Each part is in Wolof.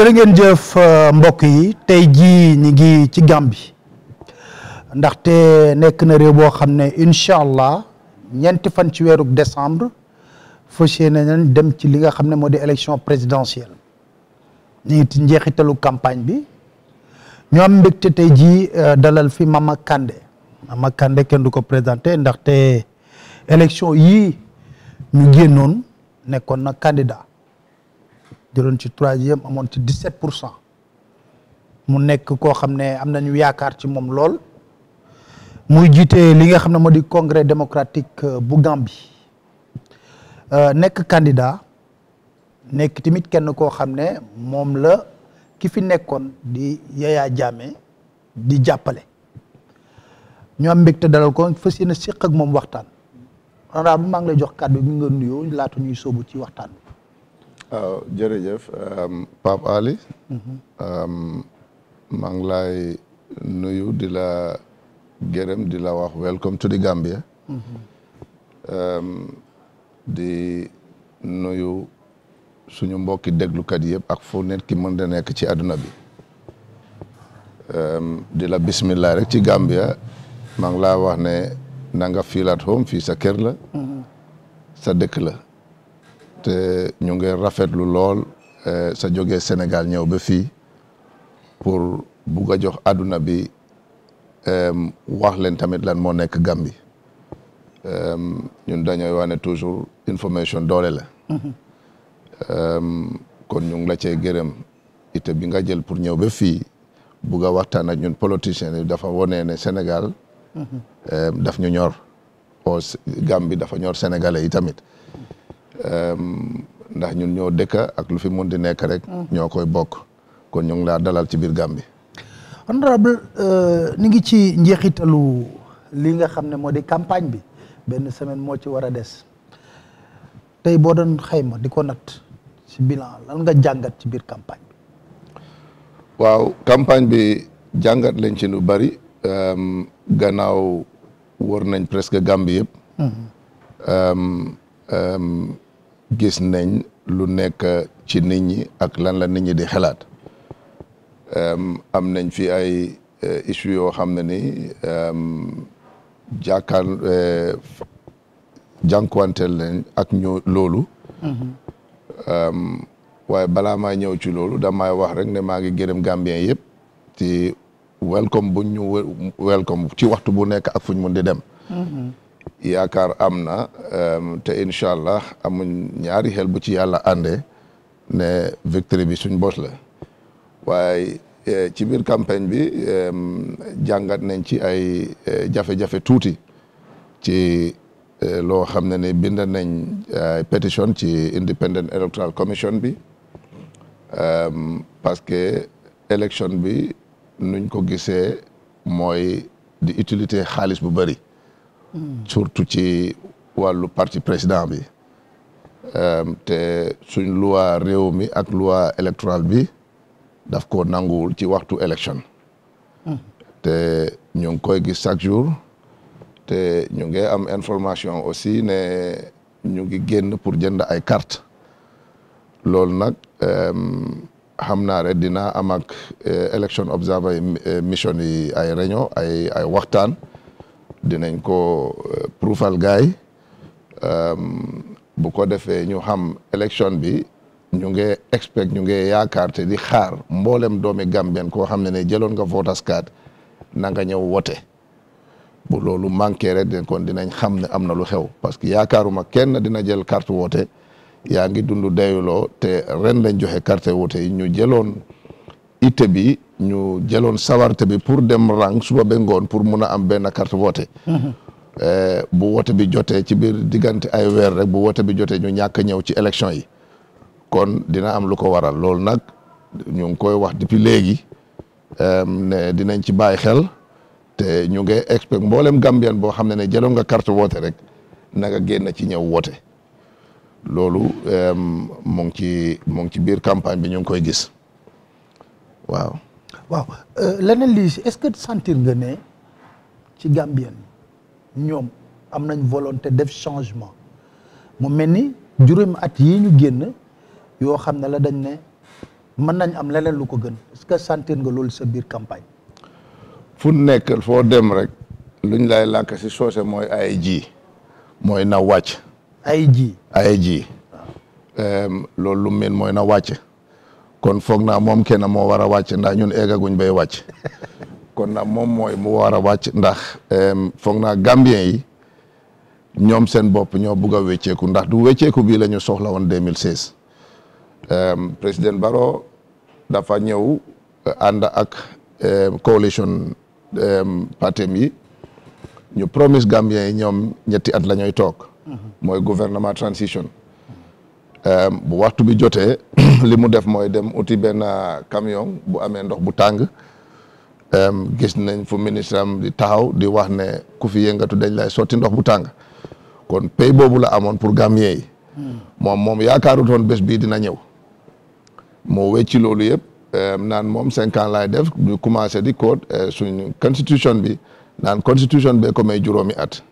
jërë ngeen jeuf mbokk yi tay ji ñi ngi ci ndax nek na réew bo ne ñent fan ci wéru décembre fas nañ dem ci li nga ne di élection présidentielle ñi ngi ci njeexitalu campagne bi ñoo am mbégte tey euh, dalal fi Mama Kandé Mama Kandé kën du ko ndax ndaxte élection yi ñu gennon nekkon na candidat jëloon ci troisième amoon ci 17% mon nek cent mu nekk koo xam ne am nañu yaakaar ci mom lol muy jité li nga xam modi congrès démocratique euh, bu Gambie euh, nek candidat nek timit kenn ko xam mom la ki fi nekkoon di Yaya Jammeh di jappalé ñu am mbégte dalal ko fas sik ak mom waxtaan honorable maa ngi lay jox cadeau bi nga nuyo latu ñuy sobu ci waxtaan waaw oh, jërëjëf um, Pape Ali. Mhm. Um, maa ngi lay nuyu di la Gerem di la wax welcome to the Gambia. Mhm. Um, di nuyu suñu mbokki déglukat pak ak fu nit ki mën da ci bi. di la bismillah rek ci Gambia mang la wax ne na nga feel at home fii sa kër la. Mhm. sa la. te ñu ngi rafetlu lool eh, sa jógee Sénégal ñëw ba fii pour bugg jox àdduna bi eh, wax leen tamit lan moo nekk Gambie eh, ñun dañooy wax ne toujours information doole la mhm. kon ñu ngi la cee gërëm ite bi nga jël pour ñëw ba fii bugg a waxtaan ak ñun politiciens yi dafa wone ne senegal mhm. daf ñu ñor o Gambie dafa ñor sénégalais yi tamit ndax ñun ñoo dëkk ak lu fi mun di nekk rek. Mm. ñoo koy bokk kon ñu ngi laa dalal ci biir Gambie. honorable ni euh, ngi ci njeexitalu lii nga xam ne moo di campagne bi benn semaine moo ci war a des tey boo doon xayma di ko nat ci bilan lan nga jàngat ci biir campagne bi. waaw campagne bi jàngat lañ ci lu bari gannaaw wër nañ presque Gambie yëpp. Mm-hmm. gis nañ lu nekk ci nit ñi ak lan la nit ñi di xalaat am nañ fi ay eh, issue yoo xam ne ni jàkkaar eh, wantel nañ ak ñoo loolu mhm. waaye balaa maa ñëw ci loolu damay wax rek ne maa ngi gërëm Gambien yëpp ci welcome buñ ñu welcome ci waxtu bu nekk ak fuñ mun di dem mhm. yaakaar am na euh, te incha allah amuñ ñaari xel bu ci yàlla àndee ne victoire bi suñ bos la waaye euh, ci biir campagne bi euh, jàngat nañ ci ay jafe-jafe tuuti ci loo xam ne ni bind nañ pétition ci Independent Electoral Commission bi parce que élection bi nuñ ko gisee mooy di utilité xaalis bu bëri surtout ci wàllu parti président bi euh, te suñ loi réew mi ak loi électorale bi daf ko nanguwul ci waxtu élection te ñu ngi koy gis chaque jour te ñu ngi am information aussi ne ñu ngi génn pour jënd ay carte loolu nag euh, xam naa rek dinaa am ak élection euh, observer mission yi ay réunion ay ay waxtaan dinañ ko euh, prouval gaay euh, bu ko defee ñu xam élection bi ñu ngi expect ñu ngi yaakaar te di xaar mboolem doomi Gambien koo xam ne ne jëloon nga voters card na nga ñëw wote bu loolu manqué rek de dinañ xam ne am na lu xew parce que yaakaaruma kenn dina jël carte woote yaa ngi dund dayuloo te ren lañ joxe carte woote yi ñu jëloon. itte bi ñu jëloon sawarte bi pour dem rang suba ba ngoon pour mun a am benn carte vote mm-hmm. eh, bu woote bi jotee ci biir diggante ay weer rek bu woote bi jotee ñu ñàkk ñëw ci élection yi kon dina am lu ko waral loolu nag ñu ngi koy wax depuis léegi ehm, ne dinañ ci bàyyi xel te ñu ngi expect mboolem Gambien boo xam ne ne jëloon nga carte woote rek nanga génn ci ñëw woote loolu ehm, mu ngi ci mu ci biir campagne bi ñu ngi koy gis waaw. waaw leneen euh, lii est-ce que sentir nga ne ci Gambien ñoom am volonté def changement mu mel ni juróomi at yii ñu génn yoo xam la dañ ne mën nañ am leneen lu ko gën est-ce que sentir nga loolu sa bir campagne. fu nekk foo dem rek. luñ lay làkk si soose mooy na wàcc. ay ji ay ji. lu mel na wàcc. kon foog naa moom kenn moo war a wàcc ndax ñun eggaguñ bay wàcc kon nag moom mooy mu war a wàcc ndax foog naa Gambien yi ñoom seen bopp ñoo bugg a wécceeku ndax du wécceeku bii lañu soxla woon 2016 président Barrow dafa ñëw eh, ànd ak coalition partem yi ñu promise Gambien yi ñoom ñetti at la ñuy toog. Mhm. mooy gouvernement transition. bu waxtu bi jotee. li mu def mooy dem uti benn euh, camion bu amee ndox bu tàng gis nañ fu ministre am di taxaw di wax ne ku fi yëngatu dañ lay sotti ndox bu tàng kon pay boobu la amoon pour Gambien yi. Hmm. moom moom yaakaarutoon bés bii dina ñëw. moo wecci loolu yëpp naan moom cinq ans laay def ñu commencé di code euh, suñu constitution bi naan constitution bee ko juróomi at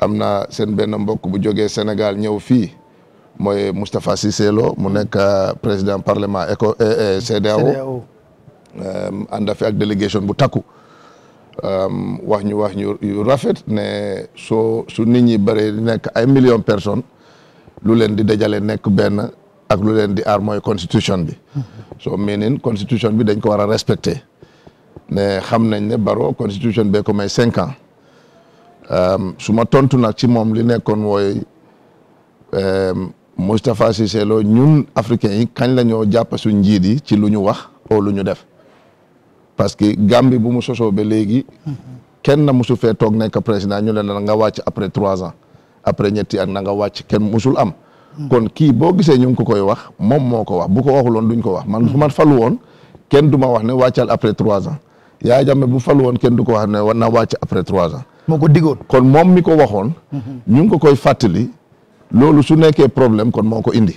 am na seen benn mbokk bu jógee Sénégal ñëw fii. mooy Moustapha Cissé Lo mu nekk président parlement ECO eh, eh, CEDEAO euh, ànd fi ak délégation bu takku euh, wax ñu wax ñu yu rafet ne soo su nit ñi bëree di nekk ay million personnes lu leen di dajale nekk benn ak lu leen di aar mooy constitution bi soo meaning constitution bi dañ ko war a respecté ne xam nañ ne Barrow constitution bee ko may cinq ans euh, su ma tontu nag ci moom li nekkoon wooy Moustapha Cissé Lo ñun africains yi kañ la ñoo jàpp suñ njiit yi ci lu ñu wax oo lu ñu def parce que Gambie bu mu sosoo be léegi kenn na musu fee toog nekk président ñu ne la nga wàcc après trois ans après ñetti at na nga wàcc kenn musul am. kon kii boo gisee ñu ngi ko koy wax moom moo ko wax bu ko waxuloon duñ ko wax man su falu woon kenn du ma wax ne wàccal après trois ans yaa jàmme bu falu woon kenn du ko wax ne war na wàcc après trois ans. moo ko diggoon kon moom mi ko waxoon. Mhm. ñu ko koy fàttali. loolu su nekkee problème kon moo ko indi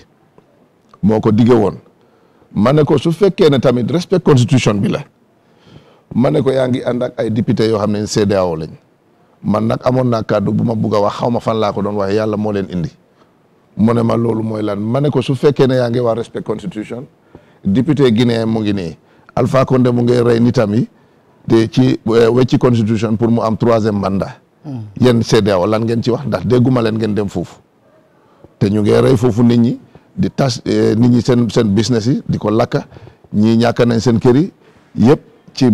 moo ko dige woon ma ne ko su fekkee ne tamit respect constitution bi la ma ne ko yaa ngi ànd ak ay député yoo xam ne CEDEAO lañ man nag amoon naa kàddu bu ma bugg a wax xaw ma fan laa ko doon waxee yàlla moo leen indi mu ne ma loolu mooy lan ma ne ko su fekkee ne yaa ngi waa respect constitution député guinéen mu ngi nii Alpha Condé mu ngi rey ni yi te ci eh, wecci constitution pour mu am troisième mandat. Hmm. yéen CEDEAO lan ngeen ci wax ndax dégguma leen ngeen dem foofu. te ñu ngi rey fofu nit ñi di tas eh, nit ñi sen sen business yi di ko lakka ñii ñàkk nañ sen kër yi yépp ci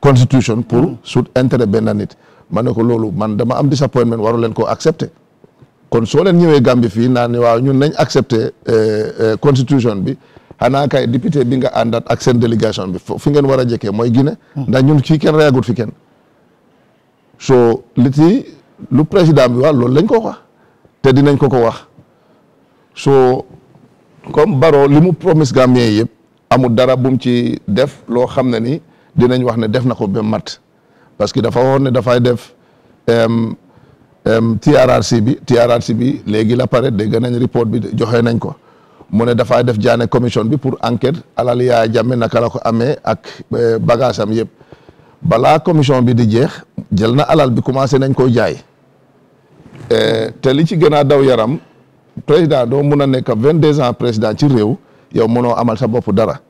constitution pour mm. sout intérêt ben nit ma man dama am disappointment waru len ko accepter kon so len ñëwé gambi fi naa waaw ñun nañ accepter eh, eh, constitution bi ana kay député bi nga andat ak sen délégation bi fi ngeen wara a moy guiné mm. nda ñun ci kenn réagout fi kenn so liti lu président bi wa lolou lañ ko wax te dinañ ko ko wax so comme Barrow li mu promise Gambien yëpp amul dara bu ci def loo xam ne ni dinañ wax ne def na ko ba mat parce que dafa waxoon ne dafay def TRRC bi TRRC bi léegi la pare dégg nañ report bi joxe nañ ko mu ne dafay def jaane commission bi pour enquête alal yaa jàmme naka la ko amee ak e, bagage am yëpp balaa commission bi di jeex jël na alal bi commencé nañ koy jaay. Eh, te li ci gën a daw yaram président doo mun a nekk vingt deux ans président ci réew yow mënoo amal sa bopp dara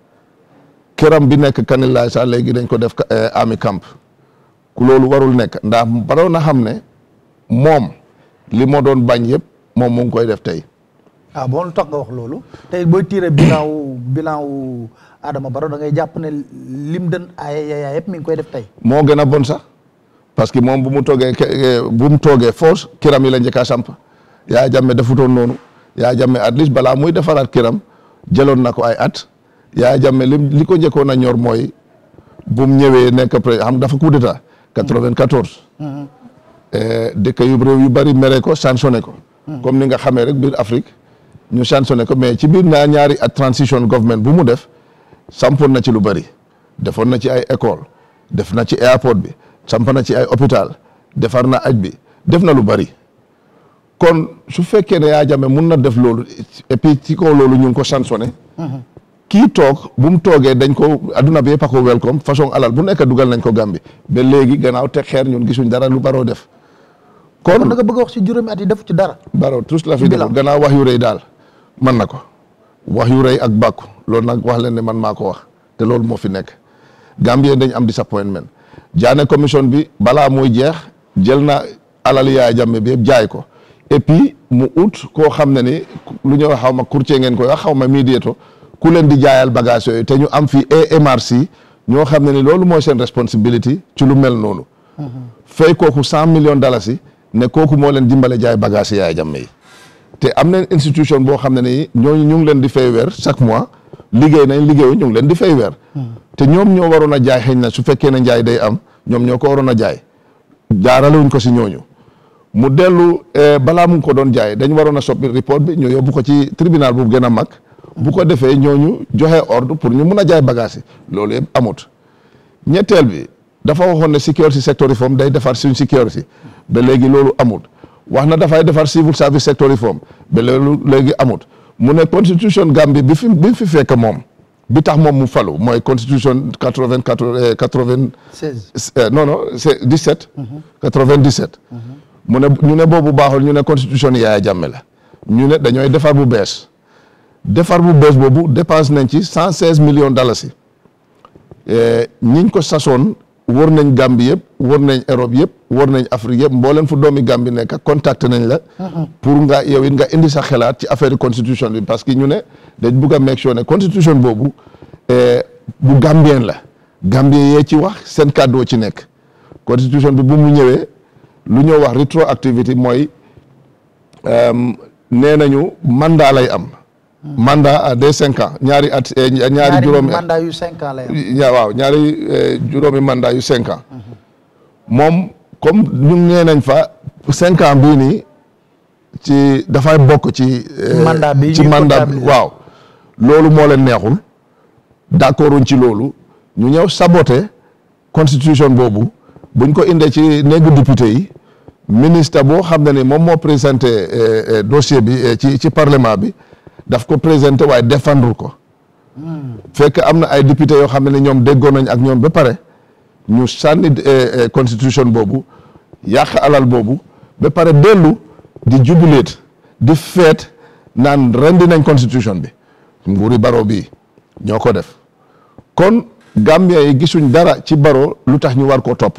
këram bi nekk Kanilaay sax léegi dañ ko def ami eh, camp ku loolu warul nekk ndaa baroon na xam ne moom li moo doon bañ yëpp moom mu ngi koy def tey. ah bon tax nga wax loolu tey booy tiire bilan wu bilan wu Adama Barrow da ngay jàpp ne lim dën ay ay yëpp mi ngi koy def tey. moo gën a bon sax. parce que moom bu mu toogee bu mu toogee force kiram yi la njëkk a samp yaa jàmme defutoon noonu yaa jàmme at least balaa muy defaraat kiram jëloon na ko ay at yaa jàmme li li ko njëkkoon a ñor mooy bu mu ñëwee nekk président xam dafa coup d'état 94. Mm-hmm. Eh, dëkk yu réew yu bari mere ko sanctionné ko. Mm-hmm. comme ni nga xamee rek biir Afrique ñu sanctionné ko mais ci biir naa ñaari at transition government bu mu def sampoon na ci lu bari defoon na ci ay école def na ci airport bi. samp na ci ay hôpital defar na aj bi def na lu bari kon su fekkee ne yaa jame mun na def loolu et puis ci kaw loolu ñu ngi ko sanctionné kii toog bu mu toogee dañ ko adduna bi yëpp a ko welcome façon alal bu nekk dugal nañ ko Gàmbi ba léegi gannaaw teg xeer ñun gisuñ dara lu baroo def kon nga bëgg wax si juróomi at def ci dara baroo la fi def ganaaw wax yu rëy daal man na ko wax yu rëy ak bàkku loolu nag wax leen ne man maa ko wax te loolu moo fi nekk Gambien dañ am disappointment jaane commission bi balaa muy jeex jël na alal yaay jàmme bi jaay ko et puis mu ut koo xam ne ni lu ñuy wax xaw ma courtier ngeen koy wax xaw ma médiateur ku leen di jaayal bagage yooyu te ñu am fii AMRC ñoo xam ne ni loolu mooy seen responsibility ci lu mel noonu. fay kooku million millions dalasi ne kooku moo leen dimbale jaay bagage yaay jàmme yi te am nañ institution boo xam ne ni ñooñu ñu ngi leen di fay weer chaque mois. liggéey nañ liggéeyu ñu leen di fay weer hmm. te ñoom ñoo waroon a jaay xëy na su fekkee ne jaay day am ñoom ñoo ko waroon a jaay jaarale ko si ñooñu mu dellu eh, balaa mu ko doon jaay dañ waroon a soppi report bi ñu yóbbu ko ci tribunal bu gën a mag bu ko defee ñooñu joxe ord pour ñu mun a jaay bagage yi loolu yëpp amut ñetteel bi dafa waxoon ne security sector reform day defar suñ security ba léegi loolu amut wax na dafay defar civil service sector reform ba loolu léegi amut mu ne constitution Gambie bi fi bi fi fekk moom bi tax moom mu falu mooy constitution quatre vingt eh, quatre quatre vingt. seize eh, non non c'est dix sept. quatre vingt dix mu ne ñu ne boobu baaxul ñu ne constitution Yaya Jammeh la ñu ne dañooy defar bu bees defar bu bees boobu dépense nañ ci cent seize millions dalasi eh, ñiñ ko sasoon wër nañ Gambie yëpp wër nañ Europe yëpp wër nañ Afrique yëpp mbooleen fu doomi Gambie nekk contacté nañ la. Uh-huh. pour nga yow it nga indi sa xelaat ci affaire constitution bi parce que ñu ne dañ bugg a make sure constitution boobu eh, bu Gambien la. Gambien yee ci wax seen kàddoo ci nekk constitution bi bu mu ñëwee lu ñoo wax rétroactivité mooy euh, nee nañu mandat lay am. mandat à des cinq ans ñaari at eh, ñaari eh, juróomi mandat yu cinq ans la waaw ñaari juróomi mandat yu cinq moom comme ñun nee nañ fa cinq ans bii nii ci dafay bokk ci eh, mandat bi ci mandat waaw loolu moo leen neexul d'accorduñ ci loolu ñu ñëw saboter constitution boobu buñ ko indee ci néegu député yi ministre boo xam ne ni moom moo présenté dossier bi ci ci parlement bi daf ko présenté waaye défendre ko. fekk am na ay député yoo xam ne ñoom déggoon ak ñoom ba pare ñu sànni eh, eh, constitution boobu yàq alal boobu ba pare dellu di jubileet di feet naan rendi nañ constitution bi nguuri baro bii ñoo ko def kon Gambien yi gisuñ dara ci baro lu tax ñu war koo topp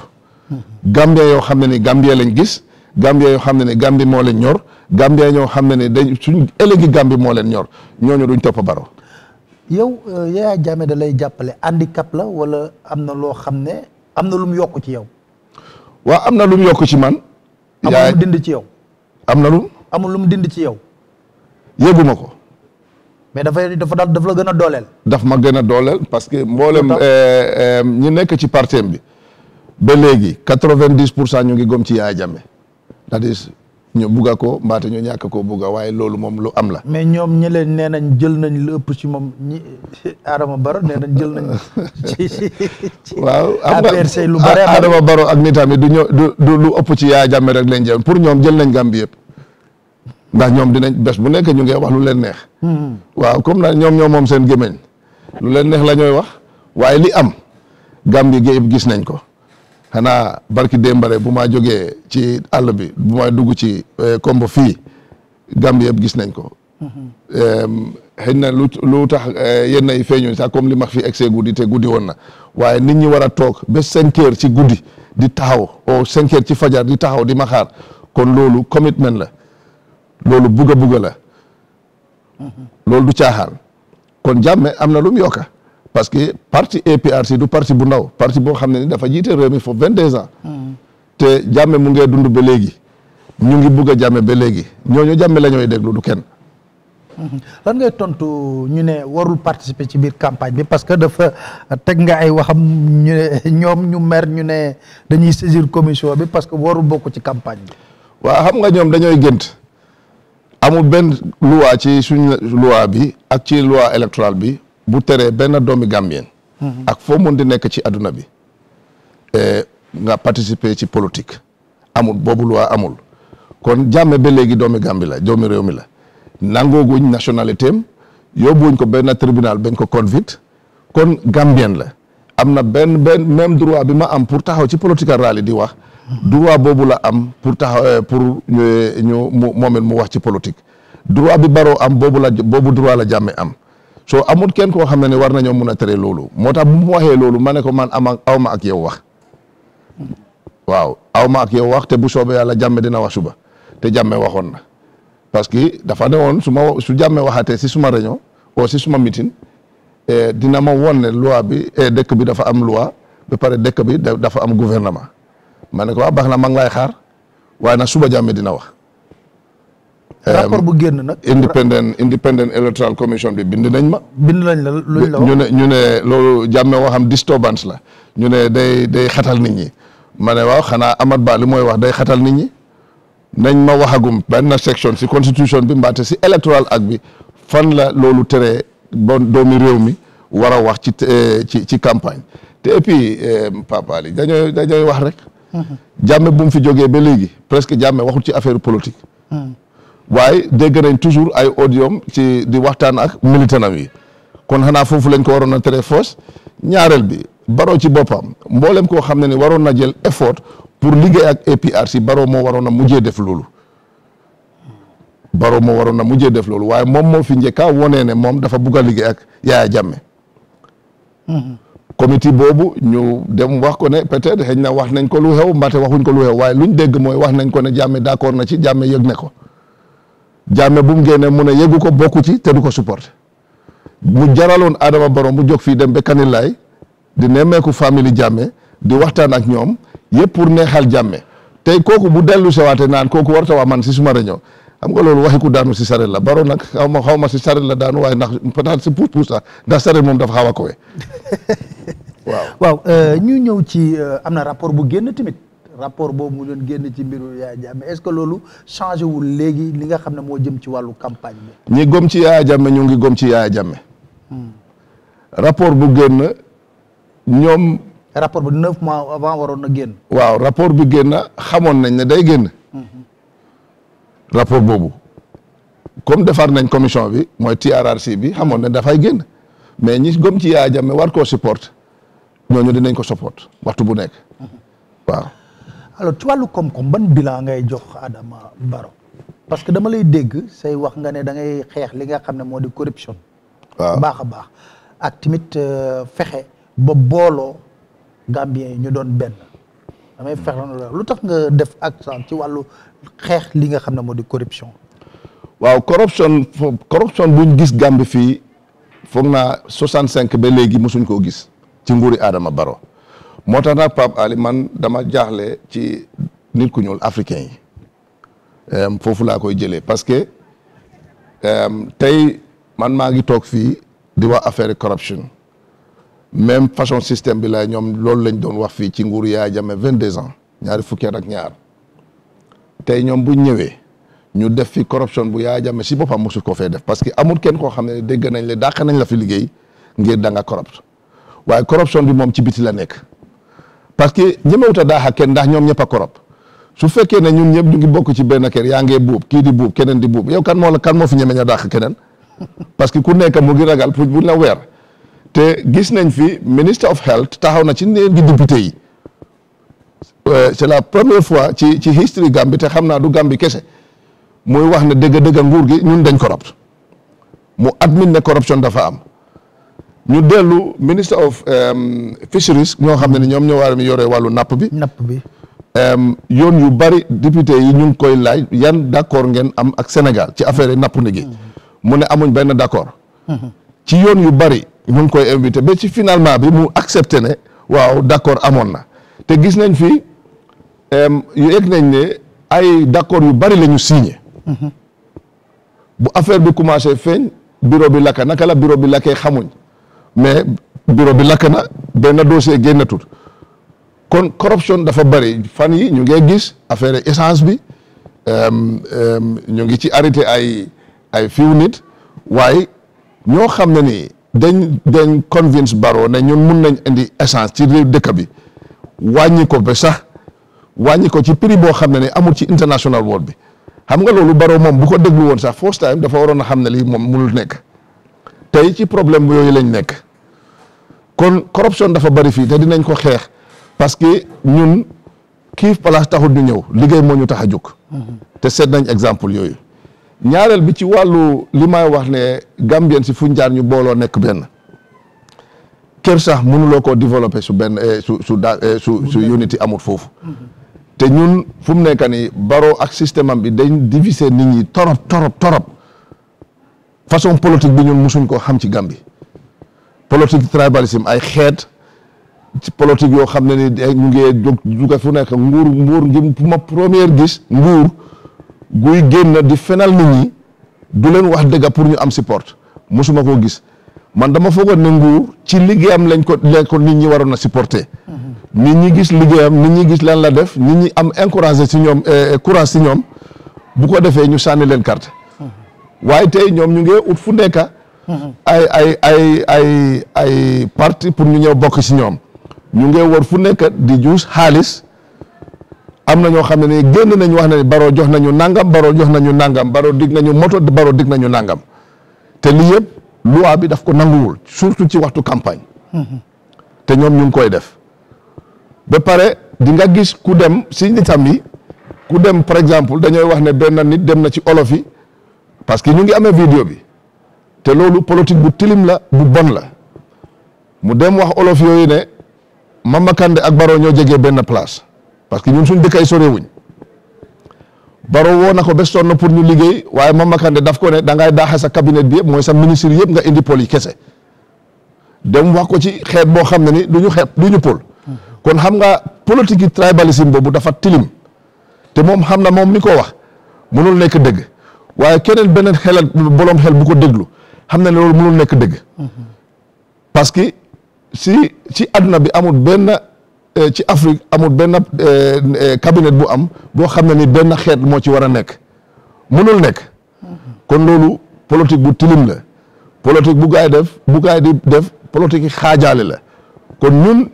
Gambien yoo xam ne ni Gambien lañ gis Gambia yoo xam ne ne Gambie moo leen ñor Gambia ñoo xam ne ne dañ suñ ëllëgi Gambie moo leen ñor ñooñu duñ topp baro. yow euh, Yaya jàmme da lay jàppale handicap la wala am na loo xam ne am na lu mu yokk ci yow. waa am na lu mu yokk ci man. yaa amul dind ci yow. am na lu. amul lu mu dind ci yow. yëguma ko. mais dafay dafa daal daf la gën a dooleel. daf ma gën a dooleel parce que mboolem euh, euh, ñi nekk ci parti bi ba léegi quatre-vingt-dix pour cent ñu ngi gom ci Yaya Jammeh. cest à ñu bugga ko mbaate ñu ñak ko buga, waaye loolu mom lu am la. mais ñom ñele nenañ jël nañ lu ëpp ci mom ñi arama Baro nenañ jël nañ. waaw am ci waaw APRC lu bare arama Baro ak nitami du du lu ëpp ci ya jamm rek lañ jël pour ñom jël nañ Gambie yëpp ndax ñom dinañ bes bu nekk ñu ngi wax lu leen neex. Hmm. waaw comme na ñom ñom mom seen gemeñ lu leen neex lañoy wax waaye li am Gambie gépp gis nañ ko hana barki dembare buma joge ci àll bi dugg ci eh, kombo fi Gambie yeb gis nañ ko. Mm-hmm. Eh, xëy na lu lu tax eh, yenn feñu sa comme li ma fi excès goudi te goudi wonna waye nit ñi wara tok be 5 ci goudi di taxaw o 5 heures ci fajar di taxaw di ma kon lolu commitment la lolu buga buga la la. Mm-hmm. lolu du kon jamme amna lu mu parce que parti APRC du parti bu ndaw parti boo xam ne ni dafa jiite réew mi foofu vingt deux ans hmm. te jàmme mu ngee dund ba léegi ñu ngi bugg a jàmme ba léegi ñooñu jàmme la ñooy déglu du kenn hmm. lan ngay tontu ñu ne warul participer ci biir campagne bi parce que dafa teg nga ay waxam ñu ne ñoom ñu mer ñu ne dañuy saisir commission bi parce que warul bokk ci campagne bi. waa xam nga ñoom dañooy gënt amul benn loi ci suñ loi bi ak ci loi électorale bi bu teree benn doomi Gambien. Mhm. ak foo mën nekk ci adduna bi. Eh, nga participer ci politique. amul boobu waa amul. kon jàmme be léegi doomi Gambie la doomi réew mi la. nangooguñ nationalité am wuñ ko benn tribunal bañ ko convict kon Gambien la. am na benn benn même droit bi ma am pour taxaw ci political rally di wax. Mhm. droit boobu la am pour taxaw eh, pour ñu ñu mu moom mu wax ci politique. droit bi baroo am boobu la boobu droit la jàmme am. so amul ken ko xamne ne war nañu mëna téré tere motax bu waxé lolu mané ko man am aw awma ak yow wax waaw aw ak yow wax te bu soobé yalla jàmme dina wax suba te jàmme waxon na parce que dafa ne woon su su si suma réunion oo si suma meeting eh, dina ma woon loi bi eh, dëkk bi dafa am loi be pare dëkk bi dafa am gouvernement mané ko ah baax ma ngi xaar wayna suba jàmme dina wax Euh, rapport bu génn nag. independent independent electoral commission bi bind nañ ma. bind nañ la luñ la wax ñu ne ñu ne loolu jàmme waxam disturbance la ñu ne day day xatal nit ñi ma ne waaw xanaa Amat Ba mooy wax day xatal nit ñi nañ ma waxagum benn section si constitution bi mbaate si electoral ak bi fan la loolu tere bon doomi réew mi war a wax ci euh, ci ci campagne te et puis euh, Papa Ali dañoo dañooy wax rek. Mm-hmm. jàmme bu mu fi jógee ba léegi presque jàmme waxul ci affaire politique. Mm. waaye dégg nañ toujours ay audiom ci di waxtaan ak militanam yi kon xanaa foofu lañ ko waroon a tere foos ñaareel bi baroo ci boppam mboolem koo xam ne ni waroon na jël effort pour liggéey ak APRC baroo moo waroon a mujjee def loolu baroo moo waroon na mujjee def loolu waaye moom moo fi njëkka wonee ne moom dafa bugg a liggéey ak Yaya jàmme comité boobu ñu dem wax ko ne peut-être xëy na wax nañ ko lu xew mbate waxuñ ko lu xew waaye luñ dégg mooy wax nañ ko ne Jammeh d'accord na ci Jammeh yëg ne ko Jammeh bu mu génnee mu ne yeggu ko bokku ci te du ko supporté mu jaraloon Adama Barrow mu jóg fii dem ba Kanilaay di nemmeeku famille jàmme di waxtaan ak ñoom yëpp pour neexal jàmme tey kooku bu dellu sewaate naan kooku warta waa man si suma réunion xam nga loolu waxi ku daanu si saret la Barrow nag xaw ma xaw ma si saret la daanu waaye ndax peut-être si puus puus sax ndax saret moom dafa xaw a kowe waaw waaw euh, ñëw ci euh, am na rapport bu génn tamit rapport boobu mu doon ci mbiru Yaya Jammeh est-ce que changé wul léegi li nga xam ne moo jëm ci wàllu campagne bi. ñi gom ci Yaya Jammeh ngi gom ci Yaya Jammeh. Hmm. rapport bu génn ñoom. rapport bu neuf mois avant waroon na génn. waaw rapport bi génn na xamoon nañ ne day génn. Hmm. rapport boobu comme defar nañ commission bi mooy TRRC bi xamoon ne dafay génn mais ñi gom ci Yaya Jammeh war koo support ñooñu dinañ ko support waxtu bu nekk hmm. waaw. alors ci wàllu koom-koom ban bilan ngay jox Adama Barrow parce que dama lay dégg say wax nga ne da ngay xeex li nga xam ne moo di corruption. waaw baax a baax ak tamit euh, fexe ba booloo Gambien yi ñu doon benn damay fexe lu tax nga def accent ci wàllu xeex li nga xam ne moo di corruption. waaw corruption corruption buñ gis Gambie fii foog naa 65 ba léegi mosuñ koo gis ci nguuri Adama baro moo tax nag Pape Ali man dama jaaxle ci nit ku ñuul africain yi foofu laa koy jëlee parce que tey man maa ngi toog fii di wax affaire corruption même façon système bi ñoom loolu lañ doon wax fii ci nguur yaa jame vingt deux ans ñaari fukkee rak ñaar tey ñoom bu ñëwee ñu def fi corruption bu yaa jame si boppam mosul ko fee def parce que amul kenn koo xam ne dégg nañ le dàq nañ la fi liggéey ngir danga nga corrupt waaye corruption bi moom ci biti la nekk parce que ñemewut a daax ak kenn ndax ñom ñëpp ak europe su fekke ne ñun ñëpp ñu ngi bokk ci ben kër ya ngee buub ki di buub kenen di buub yow kan mo la kan mo fi ñemeñ ñu daax kenen parce que ku nekk mu ngi ragal pour bu la wër té gis nañ fi minister of health taxaw na ci ñeen gi député yi euh, c'est la première fois ci ci history Gambie té xamna du Gambie kese moy wax na dëgg-dëgg nguur gi ñun dañ corrupt mu admin ne corruption dafa am ñu dellu minister of um, fisheries ñoo xam ne ñoom ñoo war a yore wàllu napp bi. napp bi. Um, yoon yu bari député yi ñu ngi koy laaj yan d'accord ngeen am ak Sénégal ci affaire yi napp ni gi mu ne amuñ benn d'accord. ci yoon yu bari mu ngi koy invité ba ci finalement bi mu accepté ne waaw d'accord amoon na te gis nañ fi um, yu egg nañ ne ay d'accord yu bari la ñu signé. Mhm. bu affaire bi commencé feeñ bureau bi lakka naka la bureau bi lakkee xamuñ. mais bureau bi lakk na benn dossier génnatul kon corruption dafa bëri fan yi ñu ngi gis affaire essence bi euh, euh, ñu ngi ci arrêté ay ay fiw nit waaye ñoo xam ne nii dañ dañ convince Barrow ne ñun mun nañ indi essence ci réew dëkk bi wàññi ko ba sax wàññi ko ci prix boo xam ne ne amul ci international world bi xam nga loolu Barrow moom bu ko déglu woon sax first time dafa waroon a xam ne lii moom munul nekk tay ci problème yoy lañ nek kon corruption dafa bari fi te dinañ ko xex parce que ñun kiif place taxul ñu ñew liggéey moñu taxajuk tax a te seet nañ exemple yoy ñaaral bi ci walu limay wax ne Gambien si fuñjar ñu bolo nek ben kër sax mënuloo koo développer su ben eh, su su eh, su unity amul fofu te ñun fu mu nekk baro ak système am bi dañ diviser nit ñi torop torop torop. façon politique bi ñun mosuñ koo xam ci Gambie politique tribalisme ay xeet ci politique yoo xam ne ni ñu fu nekk nguur nguur ngi ma première gis nguur guy génn di fenal nit ñi du leen wax dëgg pour ñu am support mosuma koo gis man dama foogoon ne nguur ci liggéeyam lañ ko lañ nit ñi waroon na supporter mm-hmm. nit ñi gis liggéeyam nit ñi gis lan la def nit ñi am encouragé si ñoom eh, eh, courage si ñoom bu ko defee ñu sànni leen carte waaye tey ñoom ñu ngi ut fu nekk ay ay ay ay ay parti pour ñu ñëw bokk si ñoom ñu ngi war fu nekk di juus xaalis am na ñoo xam ne ni génn nañ wax ne Barrow jox nañu nangam Barrow jox nañu nangam Barrow dig nañu moto Barrow dig nañu nangam te lii yëpp loi bi daf ko nanguwul surtout ci waxtu campagne. te ñoom ñu ngi koy def. ba pare di nga gis ku dem si nitam yi ku dem par exemple dañooy wax ne benn nit dem na ci olof yi parce que ñu ngi amé vidéo bi té lolu politique bu tilim la bu bon la mu dem wax olof yoy né Mama Kandeh ak baro ñoo jégué ben place parce que ñun suñu dëkk ay sorewuñ Barrow woo na ko pour ñu liggéey waye Mama Kandeh daf ko né da ngay daaxe sa cabinet bi yëpp mooy sa ministre yépp nga indi poli kessé dem wax ko ci xéet bo xamné ni duñu ñu duñu pol kon xam nga politique tribalisme bobu dafa tilim té mom xamna mom mi ko wax mënul nek dëgg. waaye keneen beneen xelal boroom xel bu ko déglu xam na ne loolu mënul nekk dëgg parce que si ci àdduna bi amul benn euh, ci Afrique amul benn euh, euh, cabinet bu am boo xam ne ni benn xeet moo ci war a nekk mënul nekk kon loolu politique bu tilim la politique bu gaay def bu gaay di def politique yi xaajaale la kon ñun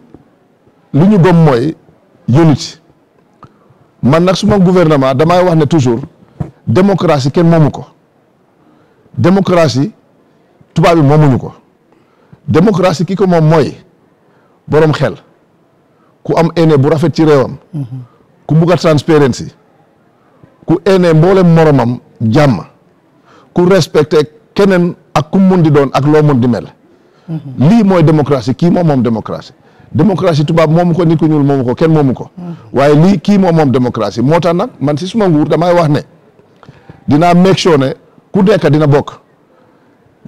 lu ñu gëm mooy unité man nag suma gouvernement damay wax ne toujours démocratie kenn moomu ko démocratie tubaab bi moomuñu ko démocratie ki ko moom mooy boroom xel ku am aîné bu rafet ci réewam ku bugg transparency ku aîné mboolem moromam jàmm ku respecté keneen ak ku mun di doon ak loo mun di mel lii mooy démocratie kii moom moom démocratie démocratie tubaab moomu ko nit ku ñuul moomu ko kenn moomu ko mm-hmm. waaye lii kii moom moom démocratie moo tax nag man si suma nguur damay wax ne dina make sure ne ku nek dina bok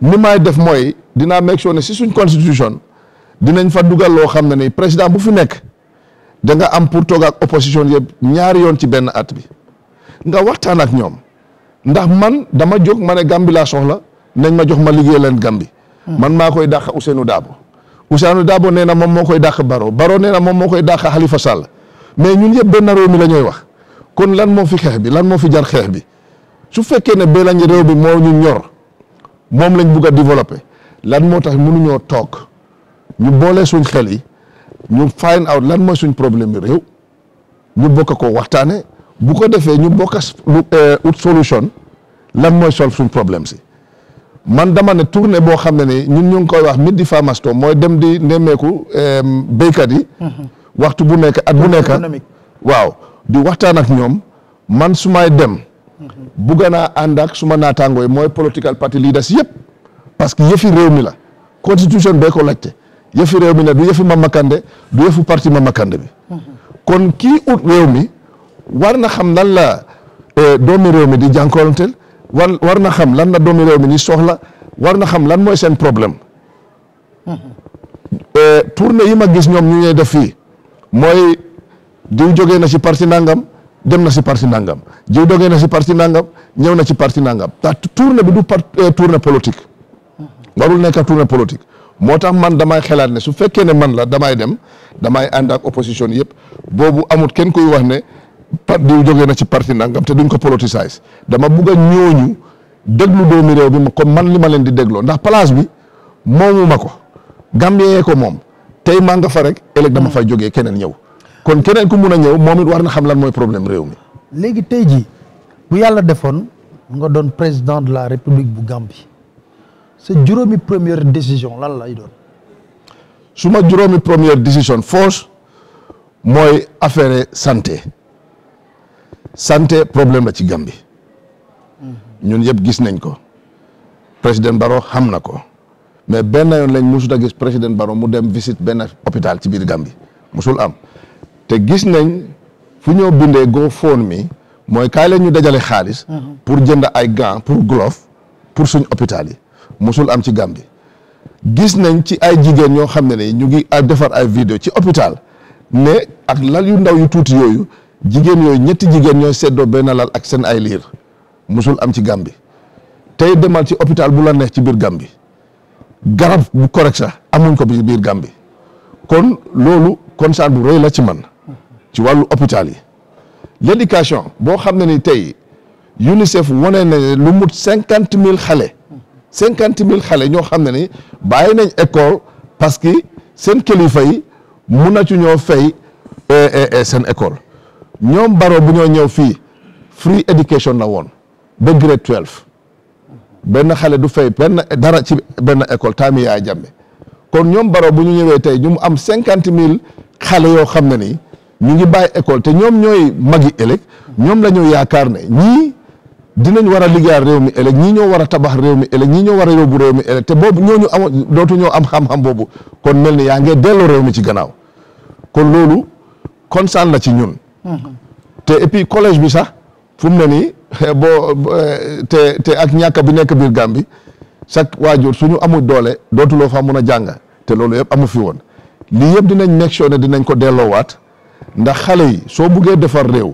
ni may def moy dina make sure ne ci suñ constitution dinañ fa duggal lo xamne ni president bu fi nek da nga am pour opposition yeb ñaar yon ci ben at bi nga waxtaan ak ñom ndax man dama jóg mané ne la soxla nañ ma jox ma liggéey len Gàmbi hmm. man ma koy dakh ousenou Dabo ousenou Dabo neena mom mokoy dakh Baro Baro nena mom mokoy dakh khalifa Sall mais ñun yeb ben rew mi wax kon lan mo fi xex bi lan mo fi jar xex bi su fekkee ne bee lañ réew bi moo ñu ñor moom lañ bugg a lan moo tax mënuñoo toog ñu boole suñ xel yi ñu find out lan mooy suñ problème bi réew ñu bokk ko waxtaane bu ko defee ñu bokk eh, ut solution lan mooy solve suñ problème si man dama ne tournée boo xam ne ni ñun ñu ngi koy wax mid di farmasto mooy dem di nemmeeku béykat yi mm-hmm. waxtu bu nekk at bu nekk waaw di waxtaan ak ñoom man su may dem Bugana Andak andak suma na tangoy political party leaders yep parce que yëfi réew mi la constitution be ko laajte yëfi réew mi la du yëfi Mama du yëfu parti mamakande bi kon ki ut réew mi warna xam lan la euh, domi réew mi di jankolantel warna xam lan la domi réew mi di soxla warna xam lan moy sen problème euh, tournée yi ma gis ñom ñu ñuy def fi moy diw na ci parti nangam dem na si parti nangam jiw dogee na si parti nangam ñëw na ci parti nangam ta tournée bi du par euh, tournée politique warul nekk tournée politique moo tax man damay xelaat ne su fekkee ne man la damay dem damay ànd ak opposition yëpp boobu amut kenn kuy wax ne par diw jógee na si parti nangam te duñ ko politicize dama bugg a ñooñu déglu doomi réew bi comme man li ma leen di dégloo ndax place bi moomu ma ko gambiyee ko moom tey maa nga fa rek ëllëg dama fay jógee keneen ñëw kon keneen ku mun a ñëw moom it war na xam lan mooy problème réew mi. léegi tey jii bu yàlla defoon nga doon président de la république bu Gambie sa juróomi première décision lan lay doon. su ma juróomi première décision force mooy affaire santé santé problème la ci Gambie mhm. ñun yëpp gis nañ ko président Barrow xam na ko mais benn yoon lañ musut a gis président baro mu dem visite benn hôpital ci biir Gambie musul am. te gis nañ fu ñoo mi, GoFundMe mooy kaay jale ñu pur xaalis. pour jënd ay gants pour gloves pour suñu hôpital yi musul am ci Gambie gis nañ ci ay jigeen ño xamné ne ñu ngi défar ay vidéo ci hôpital ne ak lal yu ndaw yu tuuti yoyu jigeen yoy ñetti jigeen ño ben lal ak sen ay lire musul am ci Gambie tey demal ci hôpital bu la neex ci bir Gambie garab bu correct sa amuñ ko bir Gambie kon loolu constat bu rëy la ci man. ci wàllu hôpital yi l' boo xam ne ni tey UNICEF wane na lu mut cinquante mille xale cinquante mille xale ñoo xam ne ni bàyyi nañ école parce que seen kilifa yi mun a ci ñoo fay eh, eh, eh, seen école ñoom baro bu ñoo ñëw fii free education la woon ba grade benn xale du fay benn dara ci benn école taami yaay jàmme kon ñoom baro bu ñu ñëwee tey ñu mu am cinquante mille xale yoo xam ne nii ñu ngi bàyyi école te ñoom ñooy magi ëllëg ñoom la ñu yaakaar ne ñii dinañ war a liggéeyal réew mi ëllëg ñii ñoo war a tabax réew mi ëllëg ñii ñoo war a yóbbu réew mi ëllëg te boobu ñooñu amoo dootu ñoo am xam boobu kon mel ni yaa ngi delloo réew ci gannaaw kon loolu constant la ci ñun. te et puis bi sax fu mu ne nii boo te te ñàkk bi nekk biir Gàmbi chaque waajur suñu amul doole dootuloo fa mun a jànga te loolu yëpp amu fi woon lii yëpp dinañ nekk ne dinañ ko delloowaat. ndax xale yi soo buggee defar réew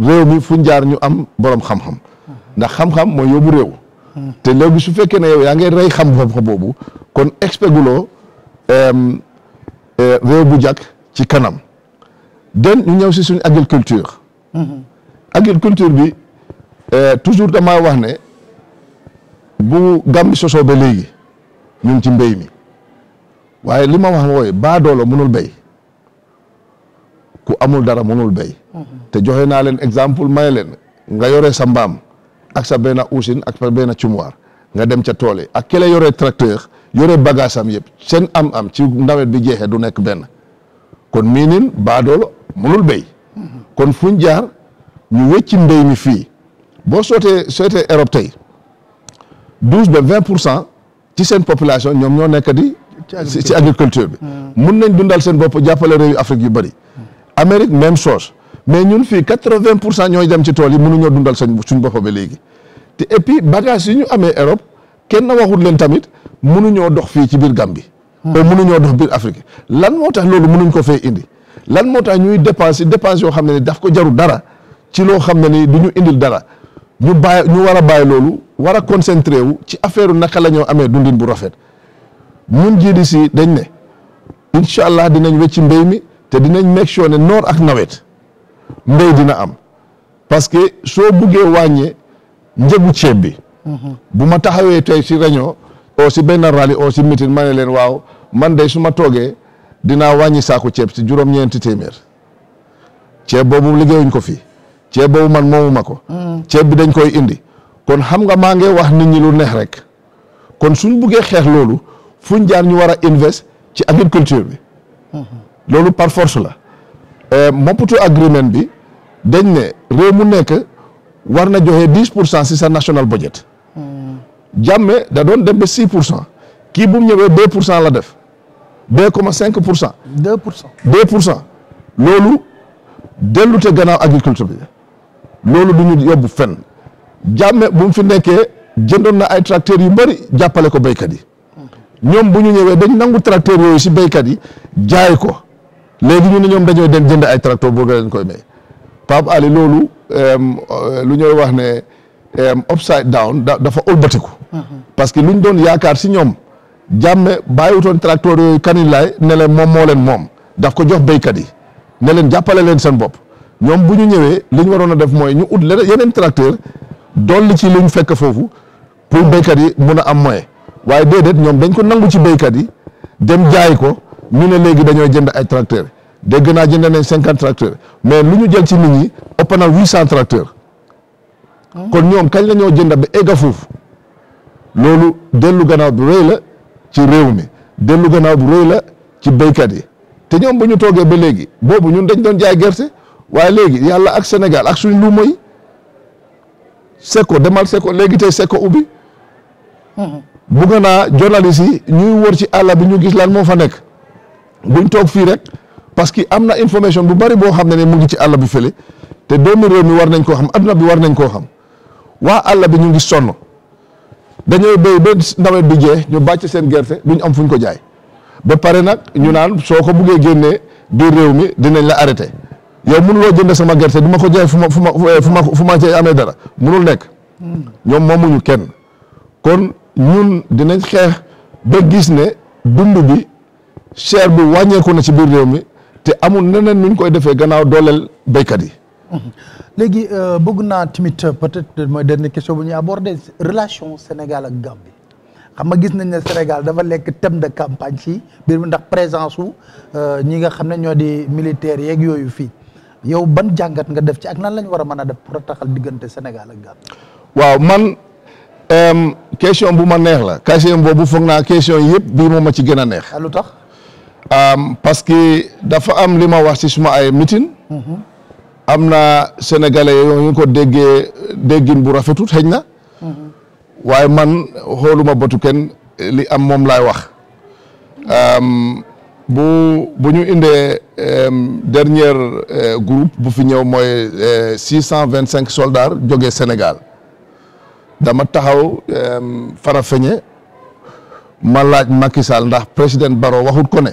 réew mi fu jaar ñu am boroom xam-xam ndax xam-xam mooy yóbbu réew te léegi su fekkee ne yow yaa ngay rey xam-xam boobu kon expeguloo e, réew bu jàkk ci kanam den ñu ñëw si suñu agriculture agriculture bi e, toujours damaa wax ne bu Gàmbi sosoo ba léegi ñu ngi ci mbéy mi waaye li ma wax mooy baadoolo mënul béy ku amul dara mënul béy te joxe naa leen exemple may leen nga yore sa mbaam ak sa benn usine ak sa benn cumuwaar nga dem ca tool yi ak kele yore tracteur yore bagage am yëpp seen am-am ci ndawet bi jeexee du nekk benn kon miinin baadoolo mënul béy kon fuñ jaar ñu wécci mbéy mi fii boo sootee sootee Europe tey douze ba pour cent ci seen population ñoom ñoo nekk di ci agriculture bi hmm. mun nañ dundal seen bopp jàppale réew yu Afrique yu bari Amérique même chose mais ñun fii quatre-vingt pour cent ñooy dem ci tool yi mënuñoo dundal sañ suñ bopp ba léegi te et puis bagage yi ñu amee Europe kenn waxul leen tamit mënuñoo dox fii ci biir Gambie. Hmm. o mënuñoo dox biir Afrique lan moo tax loolu mënuñ ko fee indi lan moo tax ñuy dépense dépense yoo xam ne ni daf ko jaru dara ci loo xam ne ni du ñu indil dara ñu bàyyi ñu war a bàyyi loolu war a concentré wu ci affaire naka la ñoo amee dundin bu rafet ñun jii di si dañ ne incha allah dinañ wecci mbéy mi. te dinañ make sure ne noor ak nawet mbéy dina am parce que soo buggee wàññee njëgu ceeb bi. bu ma taxawee tey si réunion oo si benn rally oo si meeting ma leen waaw man de su ma toogee dinaa wàññi saako ceeb si juróom-ñeenti téeméer ceeb boobu liggéeyuñ ko fi ceeb boobu man moomu ma ko. ceeb bi dañ koy indi kon xam nga maa ngi wax nit ñi neex rek kon suñ buggee xeex loolu fuñ jaar ñu war a invest ci agriculture bi. loolu par force la euh, Maputo agreement bi dañ ne réew mu nekk war na joxe dix pour cent si sa national budget. Hmm. jàmme da doon dem ba six pour cent kii bu mu ñëwee deux cent la def deux comme cinq pour cent. deux pour cent deux pour cent loolu dellute gannaaw agriculture bi loolu du ñu yóbbu fenn jàmme bu mu fi nekkee jëndoon na ay tracteurs yu bëri jàppale ko béykat yi hmm. ñoom bu ñu ñëwee dañ nangu tracteurs yooyu si béykat yi jaay ko. léegi ñu ne ñoom dañoo dem jënd ay tracteur boo leen koy may Pape Ali loolu euh, lu ñuy wax ne upside down dafa ëlbatiku uh-huh. parce que luñ doon yaakaar si ñoom jàmme bàyyiwutoon tracteur yooyu kanin laay ne leen moom moo leen moom daf ko jox béykat yi ne leen jàppale leen seen bopp ñoom bu ñu ñëwee li ñu waroon a def mooy ñu ut leneen yeneen tracteur dolli ci luñ fekk foofu pour béykat yi mun a am moyen waaye déedéet ñoom dañ ko nangu ci béykat yi dem jaay ko ñu ne léegi dañoo jënd ay tracteurs dégg naa jënd nañ cinquante tracteurs mais lu ñu jël ci nit ñi ëpp na huit cent kon ñoom kañ la ñoo jënd ba egga foofu. loolu dellu gannaaw bu la ci réew mi dellu gannaaw bu rëy la ci béykat yi te ñoom bu ñu toogee ba léegi boobu ñun dañ doon jaay gerte waaye léegi yàlla ak Sénégal ak suñ lu moy Seko demal Seko léegi tey Seko ubbi. bugg naa journaliste yi ñuy wër ci àll bi ñu gis lan moo fa nekk. buñ toog fii rek parce que am na information bu bari boo xam ne ne mu ngi ci àll bi fële te doomi réew mi war nañ koo xam adduna bi war nañ koo xam waa àll bi ñu ngi sonn dañoo béy ba nawet bi jeex ñu bàcc seen gerte duñ am fuñ ko jaay ba pare nag ñu naan soo ko buggee génnee biir réew mi dinañ la arrêté yow mënuloo jënd sama gerte du ma ko jaay fu ma fu ma fu ma fu ma cay amee dara mënul nekk ñoom moomuñu kenn kon ñun dinañ xeex ba gis ne dund bi cher bi wàññeeku na ci biir réew mi te amul neneen nu ñu koy defee gannaaw dooleel béykat yi. léegi euh, bëgg naa tamit euh, peut-être mooy dernière question bu ñuy aborder relation Sénégal ak Gambie xam nga gis nañ ne Sénégal dafa lekk thème de campagne ci biir bi ndax présence su euh, ñi nga xam ne ñoo di militaires yeeg yooyu fii yow ban jàngat nga def ci ak nan lañ war a mën a def pour taxal diggante Sénégal ak Gambie. waaw man question bu ma neex la question boobu foog naa question yëpp bii ma ci gën a neex. Ah, lu tax. parce que dafa am li ma wax si suma ay meeting. Mm-hmm. am na sénégalais yoo ko déggee déggin bu rafetut xëy na. Mm-hmm. waaye man xooluma botu kenn li am moom laay wax. bu bu ñu indee dernier eh, groupe bu fi ñëw mooy eh, six cent vingt cinq soldats jógee Sénégal dama taxaw Farafeñe ma laaj makisal ndax président Barrow waxut ko ne.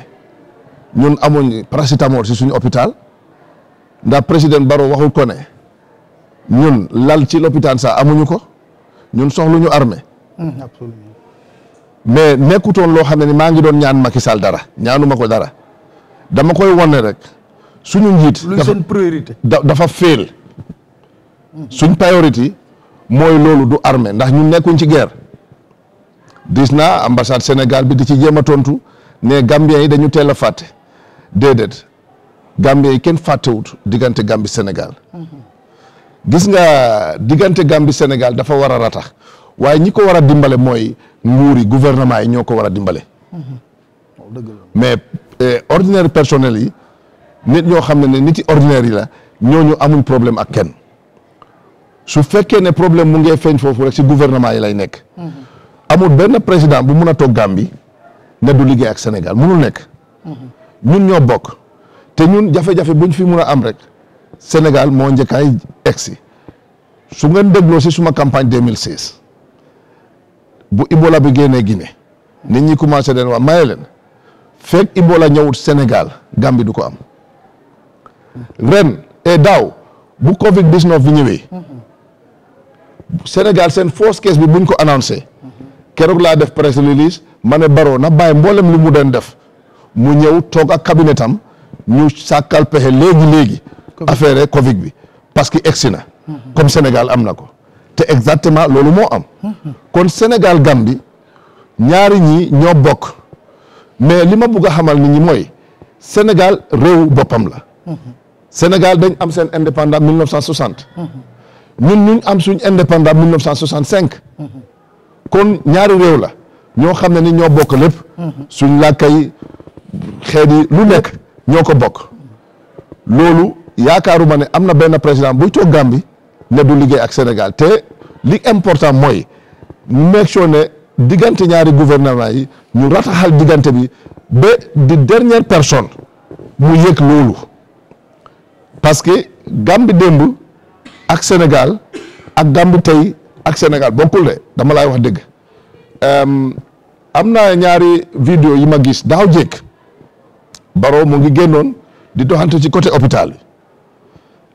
ñun amuñ paracetamol si suñu hôpital ndax président Barrow waxul ko ne ñun lal ci l'hôpital sax amuñu ko ñun soxluñu ñu mm, absolument mais nekkutoon loo xam ne ni maa ngi doon ñaan Macky Sall dara ñaanuma ko dara dama koy wone rek suñu njiit. luy seen priorité dafa féel. Mm. suñ priorité mooy loolu du armée ndax ñun nekkuñ ci ger diis naa ambassade Sénégal bi di ci jéem a tontu ne Gambien yi dañu teel a fàtte. déedéet Gambie yi kenn fàttewut diggante Gambie Sénégal gis nga diggante Gambie Sénégal dafa war a ratax waaye ñi ko war a dimbale mooy nguur yi gouvernement yi ñoo ko war a dimbale. mais eh, ordinaire personnel yi nit ñoo xam ne ne nit yi ordinaire yi la ñooñu amuñ problème ak kenn su fekkee ne problème mu ngee feeñ foofu rek si gouvernement yi lay nekk. amul benn président bu mun a toog Gambie ne du liggéey ak Sénégal munul nekk. ñun ñoo bokk te ñun jafe-jafe buñ fi mun a am rek Sénégal moo njëkkaay si su ngeen dégloo si suma campagne 2006 bu Ebola bi génnee Guinée nit ñi commencé den waa maye leen fekk Ebola ñëwut Sénégal Gambie du ko am ren et daaw bu Covid 19 bi ñëwee Sénégal seen first case bi buñ ko annoncé keroog laa def press release ma ne Barrow na bàyyi mboolem lu mu doon def. mu ñëw toog ak cabinet am ñu sàkkal pexe léegi léegi. affaire Covid bi parce que egsi na. comme Sénégal am na ko. te exactement loolu moo am. kon Sénégal Gambie ñaari ñi ñoo bokk mais li ma bugg a xamal ni ñi mooy Sénégal réew boppam la. Sénégal dañ am seen indépendant 1960. ñun ñu am suñ indépendant 1965. kon ñaari réew la ñoo xam ne ni ñoo bokk lépp. suñ làkk xeet yi lu nekk ñoo ko bokk loolu yaakaaruma ne am na benn président buy toog gàmbi ne du liggéey ak Sénégal te li important mooy make sure diggante ñaari gouvernement yi ñu rataxal diggante bi ba di dernière personne mu yëg loolu parce que Gambie démb ak Sénégal ak Gambie tey ak Sénégal bokkul de dama lay wax dëgg euh, am na ñaari video yi ma gis daaw jékk Baro mu ngi génnoon di doxante ci côté hôpital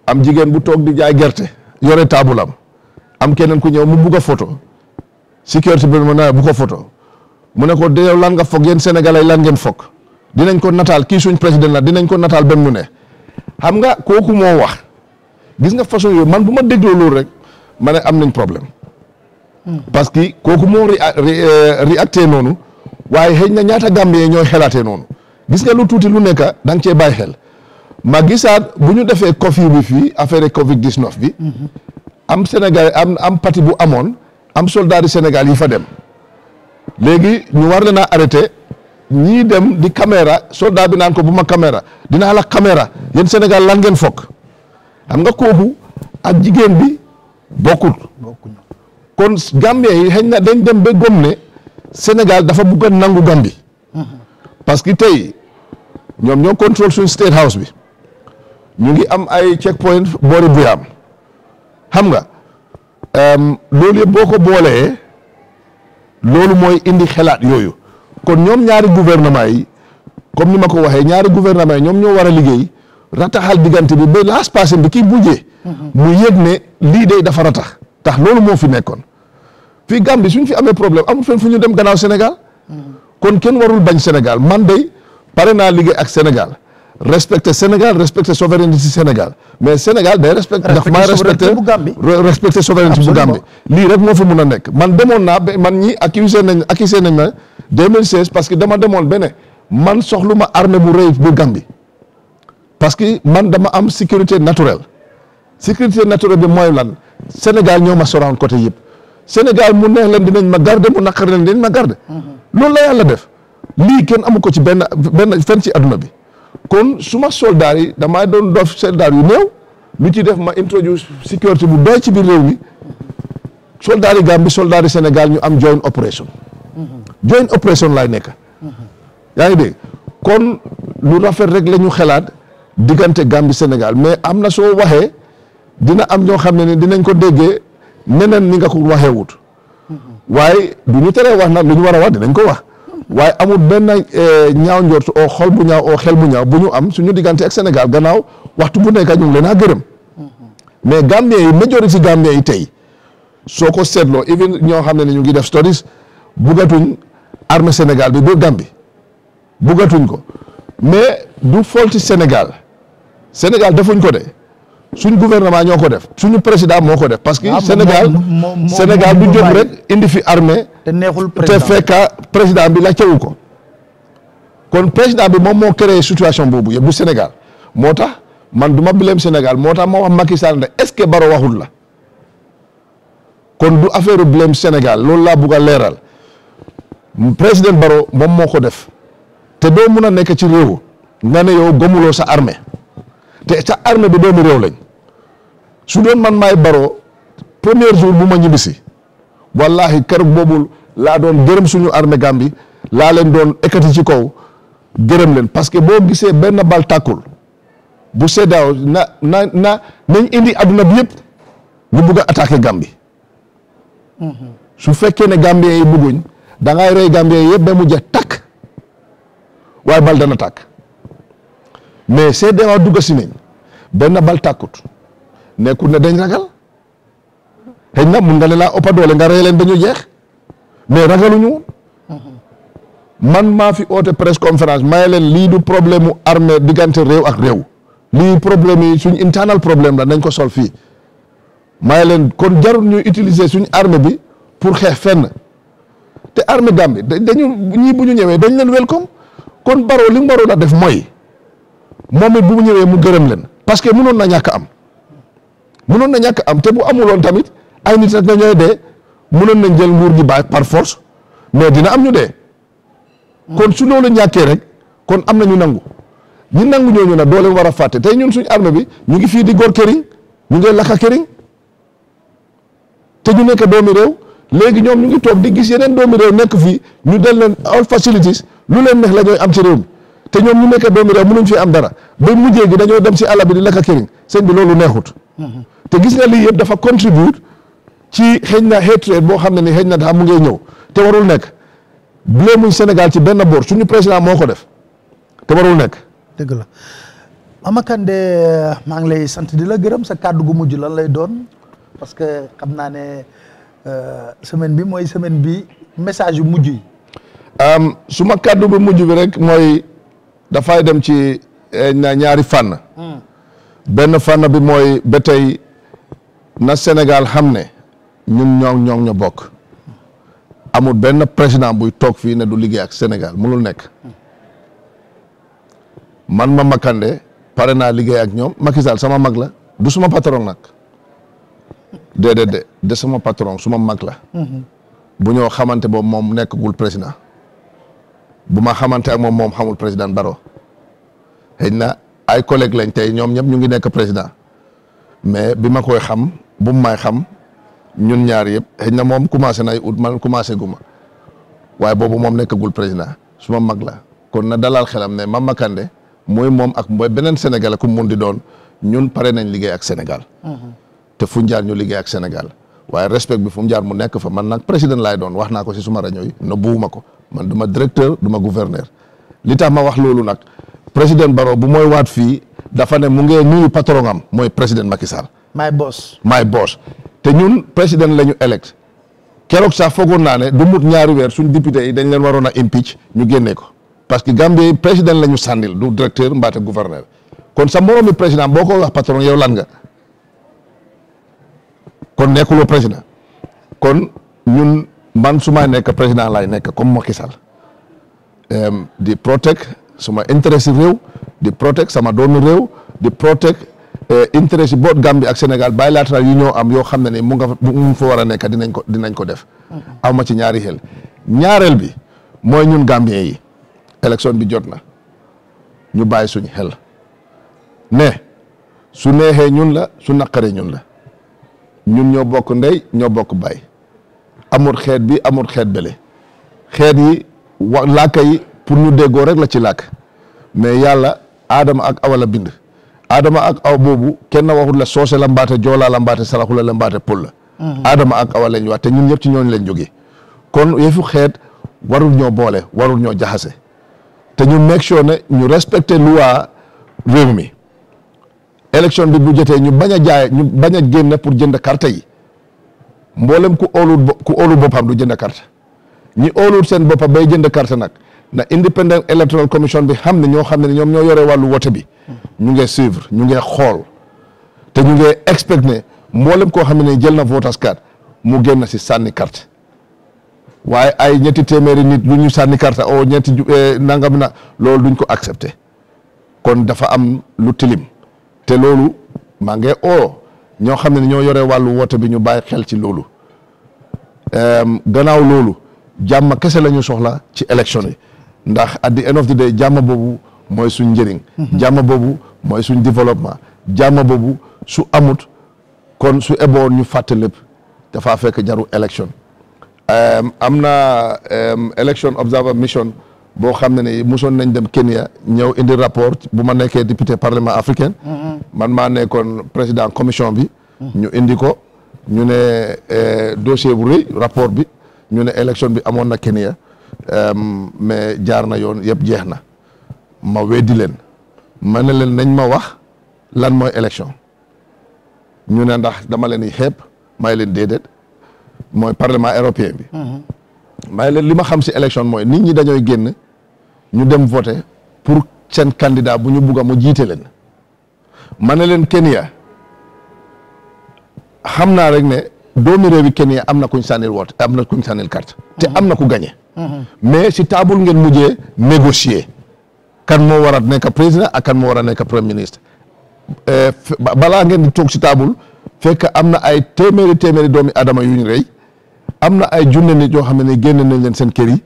am jigéen bu toog di jaay gerte yore taabulam am keneen ku ñëw mu bugg a photo sécurité bi bu ko photo mu ne ko yow lan nga foog yéen sénégalais lan ngeen foog dinañ ko nataal kii suñ président la dinañ ko nataal benn mu ne xam nga kooku moo wax nga façon man bu ma dégloo loolu rek ma ne am nañ problème hmm. parce que kooku moo euh, réacté noonu waaye xëy na ñaata Gambien ñooy xelaatee noonu gis nga lu tuuti lu nekk da nga cee bàyyi xel ma gisaat bu ñu defee couvre-feu bi fii affaire Covid 19 bi. am Sénégal am am parti bu amoon am soldat du Sénégal yi fa dem léegi ñu war leen a arrêté ñii dem di caméra soldat bi naan ko bu ma caméra dinaa la caméra yéen Sénégal lan ngeen fokk xam nga kooku ak jigéen bi bokkut. kon Gambien yi xëy na dañ dem ba gom ne Sénégal dafa bugg a nangu Gambie. parce que tey ñoom ñoo contrôle suñ state house bi ñu ngi am ay check point bu buyaam xam nga euh, loolu yëpp boo ko boolee loolu mooy indi xelaat yooyu kon ñoom ñaari gouvernement yi comme ni ma ko waxee ñaari gouvernement yi ñoom ñoo war a liggéey rataxal diggante bi ba laas passé bi kii bujjee mm-hmm. mu yëg ne lii day dafa ratax tax loolu moo fi nekkoon fii Gambie suñu fi amee problème amul fenn fu ñu dem ganaaw senegal mm-hmm. kon kenn warul bañ Sénégal man day paré na ligue ak Sénégal respecter Sénégal respecter souveraineté si Sénégal mais Sénégal day respect ndax ma respecter respecter souveraineté bu Gambie li rek mo fi mëna nek man demoon na man ñi accusé nañ accusé nañ ma 2016 parce que dama demoon bene man soxlu ma armée bu rëy bu Gambie parce que man dama am sécurité naturelle sécurité naturelle bi mooy lan Sénégal ñoma ma côté yeb Sénégal mu neex leen dinañ ma garder mu nakar leen dinañ ma garder mm-hmm. loolu la yàlla def lii kenn amu ko ci benn benn fenn ci adduna bi kon suma soldaar yi damaa doon doof soldaar yu néew lu ci def ma introduce sécurité bu doy ci bi réew mi soldaar yi Gambie soldaar Sénégal ñu am joint operation joint operation laay nekk yaa ngi dégg kon lu rafet rek la ñu xalaat diggante Gambie Sénégal mais am na soo waxee dina am ñoo xam ne ne dinañ ko déggee neneen ni nga ko waxee wut waaye du ñu teree wax na lu ñu war a wax dinañ ko wax waaye amul benn eh, ñaaw njort oo xol bu ñaaw xel bu ñaaw bu ñu am suñu diggante ak Sénégal gannaaw waxtu bu nekk ñu ngi leen a gërëm mais Gambien yi majorité Gambien yi tey soo ko seetloo even ñoo xam ne ñu ngi def studies buggatuñ arme Sénégal bi ba Gambie buggatuñ ko mais du folti Sénégal Sénégal defuñ ko de. suñu gouvernement ñoko def suñu président moko def parce que ah, Sénégal Sénégal du jóg rek indi fi armée té neexul président té féka président bi la cawu ko kon président bi mom mo créer situation bobu yëpp bu Sénégal motax man duma ma Sénégal motax mo wax Macky Sall ne est ce que Baro waxul la kon du affaire bileem Sénégal lool la bugg a président Baro mom moko def té do mëna nek ci réew nga né yow gomuloo sa armée té sa armée bi doomu réew lañ su doon man maay baroo premier jour bu ma ñibbisi wallahi keroog boobu laa doon gërëm suñu armée Gambie laa leen doon ekkati ci kaw gërëm leen parce que boo gisee benn bal tàkkul bu seddaaw na na na nañ indi adduna bi yëpp ñu bugg a attaqué Gambie su fekkee ne Gambien yi bugguñ da ngay rey Gambien yi yëpp be mu jeex tàkk waaye bal dana tàkk mais seddaaw dugg si nañ benn bal tàkkut nekkul na dañ ragal xëy na mun nga ne laa ëpp doole nga rey leen dañu jeex mais ragaluñu woon man maa fi oote presse conférence maye leen lii du problème mu armée diggante réew ak réew lii problème yi suñ internal problème la nañ ko sol fii maye leen kon jarul ñuy utiliser suñ armée bi pour xeex fenn te armée Gambie dañu ñii bu ñu ñëwee dañ leen welcome kon Barrow li mu waroon a def mooy moom it bu mu ñëwee mu gërëm leen parce que mënoon na ñàkk am. mënoon na ñàkk am te bu amuloon tamit ay nit rek na ñooy dee mënoon nañ jël nguur gi bàyyi par force mais dina am ñu dee. kon su loolu ñàkkee rek kon am na ñu nangu ñi nangu ñooñu nag doo leen war a fàtte te ñun suñu armée bi ñu ngi fii di gor këriñ ñu ngi lakka këriñ te ñu nekk doomi réew léegi ñoom di gis yeneen doomi nekk fii ñu del leen all facilities lu leen neex la ñooy am ci réew te ñoom ñu nekk doomi réew mënuñ fi am dara ba mujjee gi dañoo dem si àll bi di lakka këriñ seen bi loolu neexut. Mm-hmm. te gis nga lii yëpp dafa contribuer ci xëy na hatred boo xam ne ni xëy na daa mu ngay ñëw te warul nekk blé muñ Sénégal ci benn boor suñu président moo ko def te warul nekk. dëgg la Mama Kandeh maa ngi lay sant di la gërëm sa kàddu gu mujj lan lay doon parce que xam naa ne euh, semaine bi mooy semaine bi message yu mujj yi. su ma kàddu bi mujj bi rek mooy dafay dem ci eh, ñaari fànn. Hmm. benn fànn bi mooy ba na Sénégal xam ne ñun ñoom ñoom ñoo bokk amul benn président buy toog fii ne du liggéey ak Sénégal mënul nekk man ma Makande pare naa liggéey ak ñoom Macky Sall sama mag la du suma patron nag déedéet de de sama patron suma mag la. bu ñoo xamante boobu moom nekkagul président bu ma xamante ak moom moom xamul président Baro xëy na ay collègues lañ tey ñoom ñëpp ñu ngi nekk président mais bi ma koy xam. bu may xam ñun ñaar mom xëy mom commencé nay ay ut man commencé guma waaye boobu moom nekkagul président suma mag la kon na dalal xelam ne Mama makande moy mom ak moy benen Sénégalais ku mundi doon ñun pare nañ liggéey ak Sénégal. Mm-hmm. te fu ñaar ñu liggéey ak Sénégal waye respect bi fu ñaar mu nek fa man nak président lay doon wax ko ci suma yi na buuma man duma directeur duma gouverneur li tax ma wax lolu nak président baro bu moy wat fi dafa ne mu ngee nuyu patron am mooy président Macky Sall. my boss my boss. te ñun président la ñu elect keroog sax foogoon naa ne du mut ñaari weer suñ député yi dañ leen waroon a impeach ñu génnee ko parce que Gambie président la ñu sànnil du directeur mbaate gouverneur kon sa moromi président boo ko wax patron yow lan nga kon nekkuloo président kon ñun man su ma nekk président laay nekk comme Macky Sall di protect suma intérêt si réew di protect sama doomu réew di protect eh, intérêt si boot Gambie ak Sénégal bilatéral yi ñoo am yoo xam ne ne mun nga fa mu fa war a nekk dinañ ko dinañ ko def. am mm-hmm. ci ñaari xel. ñaareel bi mooy ñun Gambien yi élection bi jot na ñu bàyyi suñu xel ne su neexee ñun la su naqaree ñun la ñun ñoo bokk ndey ñoo bokk baay amut xeet bi amul xeet bele xeet yi wa làkk yi pour ñu déggoo rek la ci làkk mais yàlla. aadama ak awa la bind aadama ak aw boobu kenn waxul la soose la mbaate joola la mbaate saraxula la mbaate pël la aadama mhm. ak awa lañ wax te ñun ñetti ci ñooñu lañ jóge kon yëfu xeet warul ñoo boole warul ñoo jaxase te ñu make sure ne ñu respecté loi réew mi élection bi bu jotee ñu bañ a jaay ñu bañ a génn pour jënd carte yi mboolem ku óolul ku boppam du jënd carte ñi óolul seen boppam bay jënd carte nag na independent electoral commission bi xam ne ñoo xam ne ñoom ñoo yore wàllu wote bi ñu ngi suivre ñu ngi xool te ñu ngi expect mboolem koo xam ne jël na voters card mu génn si sànni carte waaye ay ñetti téeméeri nit lu ñu sànni carte o ñetti eh, nangam na loolu duñ ko accepté kon dafa am lu tilim te loolu maa ngi ñoo xam ne ñoo yore wàllu wote bi ñu bàyyi xel ci loolu gannaaw loolu jàmm kese la soxla ci élection yi ndax at the end of the day jàmm boobu mooy suñ njëriñ. Mhm. jàmm boobu mooy suñ développement. jàmm boobu su amut kon su eboon ñu fàtte lépp dafaa fekk jaru élection am na election observer mission boo xam ne ni mosoon nañ dem Kenya ñëw indi rapport bu ma nekkee député parlement africain. Mhm. man maa nekkoon président commission bi. Mhm. ñu indi ko ñu ne eh, dossier bu rëy rapport bi ñu ne élection bi amoon na Kenya. mais jaar na yoon yëpp jeex na ma weddi leen ma ne leen nañ ma wax lan mooy élection ñu ne ndax dama leen di xeeb may leen déedéet mooy parlement européen bi. Mhm. may leen li ma xam si élection mooy nit ñi dañooy génn ñu dem voter pour seen candidat bu ñu bugg a mu jiite leen. ma ne leen Kenya xam naa rek ne doomi réewi Kenya am na kuñ sànnil woote am na kuñ sànnil carte. te mhm. am na ku gagné. mais si table ngeen mujjee négocier kan moo war a nekk président a kan moo war a nekk premier ministre euh, balaa ngeen toog si table fekk am na ay téeméeri téeméeri doomi adama yu ñu rey am na ay junne nit yoo xam ne génne nañ leen seen kër yi.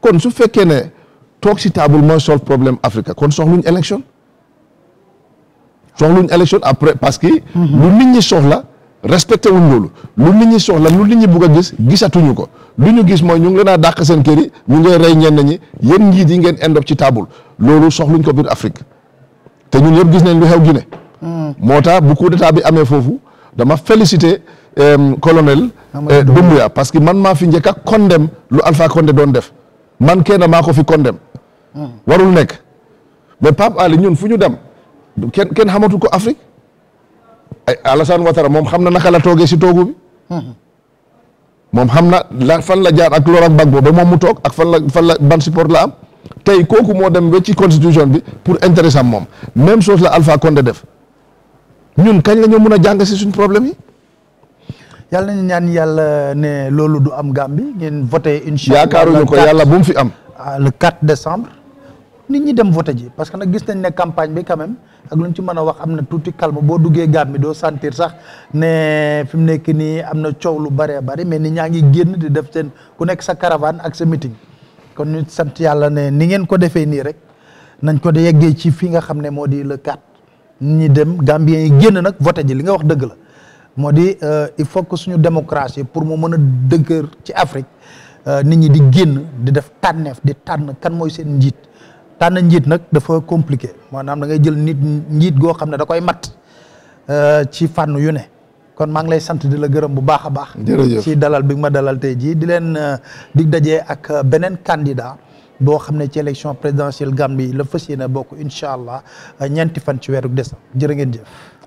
kon su fekkee ne toog si table mooy solve problème Afrique kon soxluñ élection soxluñ élection après parce que. lu nit soxla. respecté wuñ loolu lu nit ñi soxla lu nit ñi bugg a gis gisatuñu ko lu ñu gis mooy ñu ngi leen a dàq seen kër yi ñu ngay rey ñenn ñi yéen njiit yi ngeen end up ci table loolu soxluñ ko biir Afrique te ñun yëpp gis nañ lu xew Guinée. Hmm. moo tax bu coup d'état bi amee foofu dama félicité euh, colonel euh, Doumbouya parce que man maa fi njëkk a condem lu Alpha Condé doon def man kenn maa ko fi condem hmm. warul nekk mais Pape Ali ñun fu ñu dem kenn kenn xamatu ko Afrique. Alassane Ouattara moom xam na naka la toogee si toogu bi. moom xam na la fan la jaar ak lor ak Gbagbo ba moom mu toog ak fan la fan la ban support la am tey kooku moo dem ba ci constitution bi pour intéressant moom même chose la Alpha Condé def ñun kañ la ñoo mun a jànga si suñ problème yi. yàlla nañu yàlla ne loolu du am Gàmbi ngeen voté. incha allah yaakaaruñu ko yàlla bu mu fi am. le 4 décembre. nit ñi dem voter ji parce que nak gis nañ ne campagne bi quand même ak luñ ci mëna wax amna calme bo duggé mi sentir sax ne fim mu nekk nii am na lu bari, bëri mais nit ñangi génn di def sen ku nekk sa caravane ak sa meeting kon ñu sant yalla ne ni ngeen ko défé ni rek nañ ko di yeggé ci fi nga xamné modi di le 4 nit ñi dem Gambien yi génn nak voter ji li nga wax dëgg la modi di euh, il faut que suñu démocratie pour mo mëna a ci Afrique euh, nit ñi di génn di def tanef di tan kan moy sen njiit. tànn njiit nag dafa compliqué maanaam da ngay jël nit njiit goo xam ne da koy mat euh, ci fànn yu ne kon maa ngi lay sant di la gërëm bu baax a baax. ci dalal bi ma dalal tey jii di leen euh, dig dajee ak euh, beneen candidat. boo xam ne ci élection présidentielle Gambie la fas yéene bokk incha allah ñeenti fan ci weeru décembre jërë ngeen jëf.